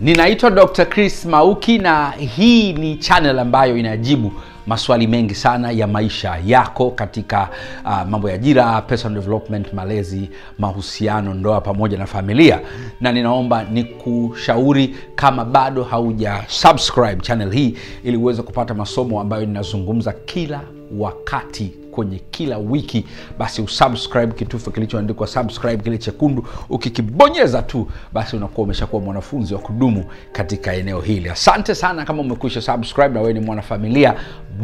Ninaitwa Dr. Chris Mauki na hii ni channel ambayo inajibu maswali mengi sana ya maisha yako katika uh, mambo ya ajira, personal development, malezi, mahusiano, ndoa pamoja na familia. Na ninaomba nikushauri kama bado hauja subscribe channel hii ili uweze kupata masomo ambayo ninazungumza kila wakati kwenye kila wiki basi usubscribe kitufe kilichoandikwa subscribe kile chekundu ukikibonyeza tu basi unakuwa umeshakuwa mwanafunzi wa kudumu katika eneo hili asante sana kama umekwisha subscribe na wewe ni mwanafamilia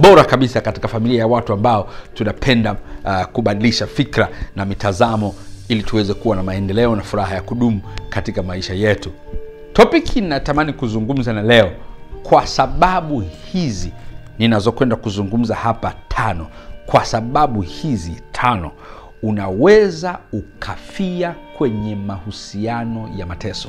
bora kabisa katika familia ya watu ambao tunapenda uh, kubadilisha fikra na mitazamo ili tuweze kuwa na maendeleo na furaha ya kudumu katika maisha yetu topiki natamani kuzungumza na leo kwa sababu hizi ninazokwenda kuzungumza hapa tano kwa sababu hizi tano unaweza ukafia kwenye mahusiano ya mateso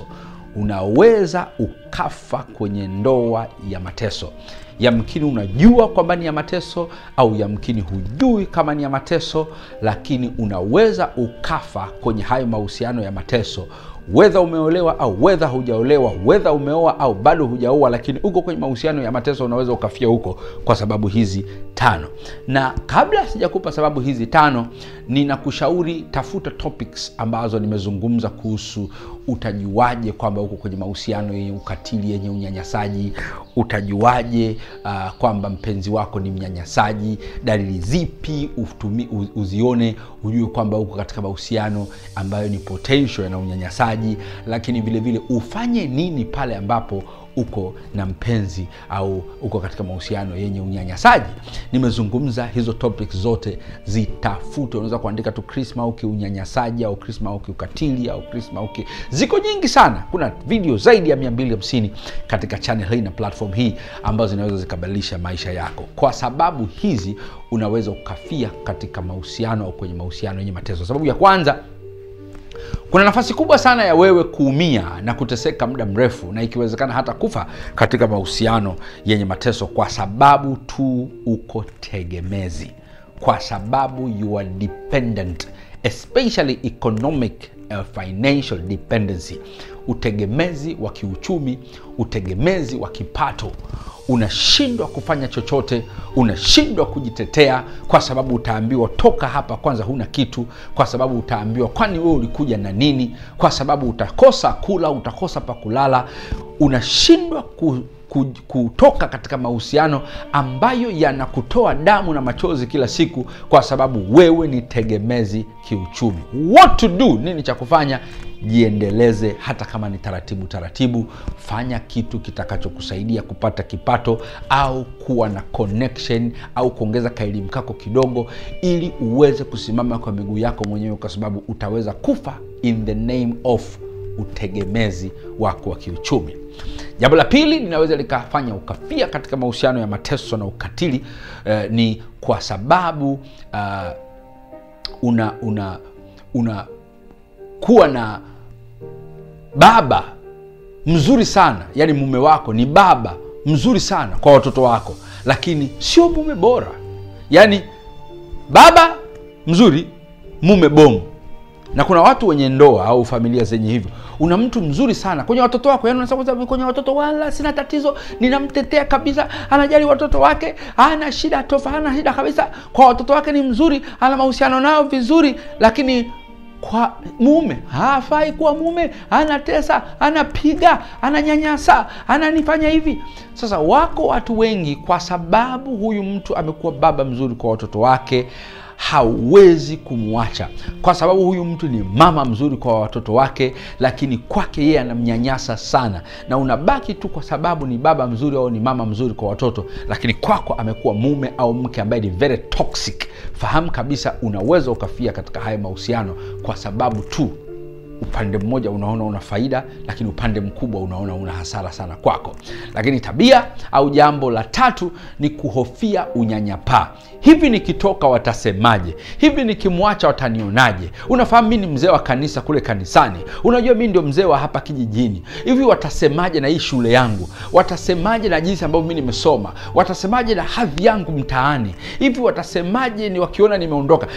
unaweza ukafa kwenye ndoa ya mateso yamkini unajua kwamba ni ya mateso au yamkini hujui kama ni ya mateso lakini unaweza ukafa kwenye hayo mahusiano ya mateso wedha umeolewa au wedha hujaolewa wedha umeoa au bado hujaoa lakini uko kwenye mahusiano ya mateso unaweza ukafia huko kwa sababu hizi tano na kabla sijakupa sababu hizi tano ninakushauri tafuta topics ambazo nimezungumza kuhusu utajuaje kwamba uko kwenye mahusiano yenye ukatili yenye unyanyasaji utajuaje uh, kwamba mpenzi wako ni mnyanyasaji dalili zipi utumi, uzione ujue kwamba uko katika mahusiano ambayo ni potential na unyanyasaji mtaji, lakini vilevile vile ufanye nini pale ambapo uko na mpenzi au uko katika mahusiano yenye unyanyasaji. Nimezungumza hizo topic zote, zitafute. Unaweza kuandika tu Chris au unyanyasaji, au Chris au kiukatili au au ki... Ziko nyingi sana, kuna video zaidi ya 250 katika channel hii na platform hii ambazo zinaweza zikabadilisha maisha yako. Kwa sababu hizi unaweza ukafia katika mahusiano au kwenye mahusiano yenye mateso. Sababu ya kwanza kuna nafasi kubwa sana ya wewe kuumia na kuteseka muda mrefu na ikiwezekana hata kufa katika mahusiano yenye mateso kwa sababu tu uko tegemezi kwa sababu you are dependent especially economic uh, financial dependency utegemezi wa kiuchumi utegemezi wa kipato unashindwa kufanya chochote, unashindwa kujitetea, kwa sababu utaambiwa toka hapa kwanza, huna kitu, kwa sababu utaambiwa kwani wewe ulikuja na nini, kwa sababu utakosa kula, utakosa pakulala unashindwa ku, kutoka katika mahusiano ambayo yanakutoa damu na machozi kila siku kwa sababu wewe ni tegemezi kiuchumi what to do nini cha kufanya jiendeleze hata kama ni taratibu taratibu fanya kitu kitakachokusaidia kupata kipato au kuwa na connection au kuongeza kaelimu kako kidogo ili uweze kusimama kwa miguu yako mwenyewe kwa sababu utaweza kufa in the name of utegemezi wako wa kiuchumi jambo la pili linaweza likafanya ukafia katika mahusiano ya mateso na ukatili eh, ni kwa sababu uh, una una una kuwa na baba mzuri sana yaani mume wako ni baba mzuri sana kwa watoto wako lakini sio mume bora yaani baba mzuri mume bomu na kuna watu wenye ndoa au familia zenye hivyo, una mtu mzuri sana kwenye watoto wako, yani unasema kwenye watoto wala sina tatizo, ninamtetea kabisa, anajali watoto wake, hana shida tofa, hana shida kabisa kwa watoto wake, ni mzuri, ana mahusiano nao vizuri, lakini kwa mume hafai kuwa mume, anatesa, anapiga, ananyanyasa, ananifanya hivi. Sasa wako watu wengi, kwa sababu huyu mtu amekuwa baba mzuri kwa watoto wake hauwezi kumwacha kwa sababu huyu mtu ni mama mzuri kwa watoto wake lakini kwake yeye anamnyanyasa sana na unabaki tu kwa sababu ni baba mzuri au ni mama mzuri kwa watoto lakini kwako amekuwa mume au mke ambaye ni very toxic fahamu kabisa unaweza ukafia katika haya mahusiano kwa sababu tu upande mmoja unaona una faida lakini upande mkubwa unaona una hasara sana kwako lakini tabia au jambo la tatu ni kuhofia unyanyapaa hivi nikitoka watasemaje hivi nikimwacha watanionaje unafahamu mi ni mzee wa kanisa kule kanisani unajua mi ndio mzee wa hapa kijijini hivi watasemaje na hii shule yangu watasemaje na jinsi ambavyo mi nimesoma watasemaje na hadhi yangu mtaani hivi watasemaje ni wakiona nimeondoka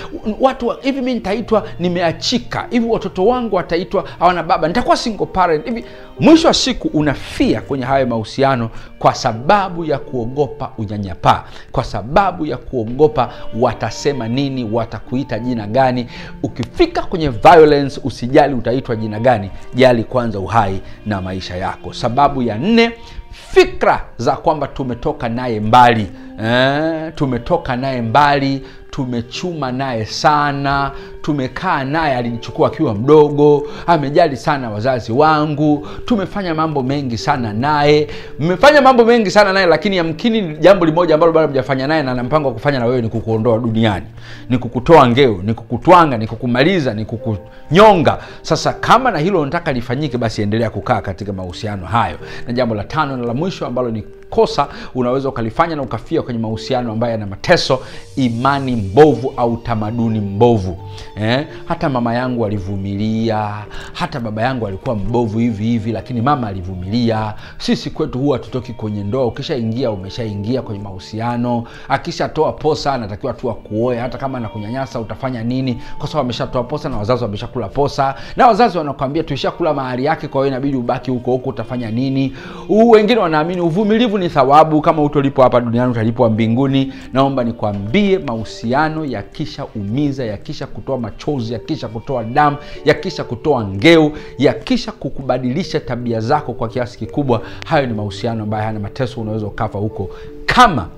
watu hivi mi nitaitwa nimeachika hivi watoto wangu wata nitaitwa hawana baba nitakuwa single parent hivi mwisho wa siku unafia kwenye hayo mahusiano kwa sababu ya kuogopa unyanyapaa kwa sababu ya kuogopa watasema nini watakuita jina gani ukifika kwenye violence usijali utaitwa jina gani jali kwanza uhai na maisha yako sababu ya nne fikra za kwamba tumetoka naye mbali eh, tumetoka naye mbali tumechuma naye sana tumekaa naye, alinichukua akiwa mdogo, amejali sana wazazi wangu, tumefanya mambo mengi sana naye. Mmefanya mambo mengi sana naye, lakini yamkini jambo limoja ambalo bado mjafanya naye na na mpango wa kufanya na wewe ni kukuondoa duniani, ni kukutoa ngeo, ni kukutwanga, ni kukumaliza, ni kukunyonga. Sasa kama na hilo nataka lifanyike, basi endelea kukaa katika mahusiano hayo. Na jambo la tano na la mwisho ambalo ni kosa unaweza ukalifanya na ukafia kwenye mahusiano ambayo yana mateso, imani mbovu au tamaduni mbovu eh? Hata mama yangu alivumilia, hata baba yangu alikuwa mbovu hivi hivi, lakini mama alivumilia. Sisi kwetu huwa hatutoki kwenye ndoa, ukishaingia umeshaingia kwenye mahusiano. Akishatoa posa anatakiwa tu akuoe, hata kama anakunyanyasa utafanya nini? Kwa sababu ameshatoa posa na wazazi wameshakula posa, na wazazi wanakwambia tuishakula mahali yake, kwa hiyo inabidi ubaki huko huko, utafanya nini? Huu wengine wanaamini uvumilivu ni thawabu, kama utolipo hapa duniani utalipwa mbinguni. Naomba nikwambie, mahusiano yakishaumiza, yakisha kutoa machozi yakisha kutoa damu yakisha kutoa ngeu yakisha kukubadilisha tabia zako kwa kiasi kikubwa hayo ni mahusiano ambayo hayana mateso unaweza ukafa huko kama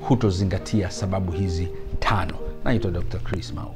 hutozingatia sababu hizi tano naitwa dr chris mauki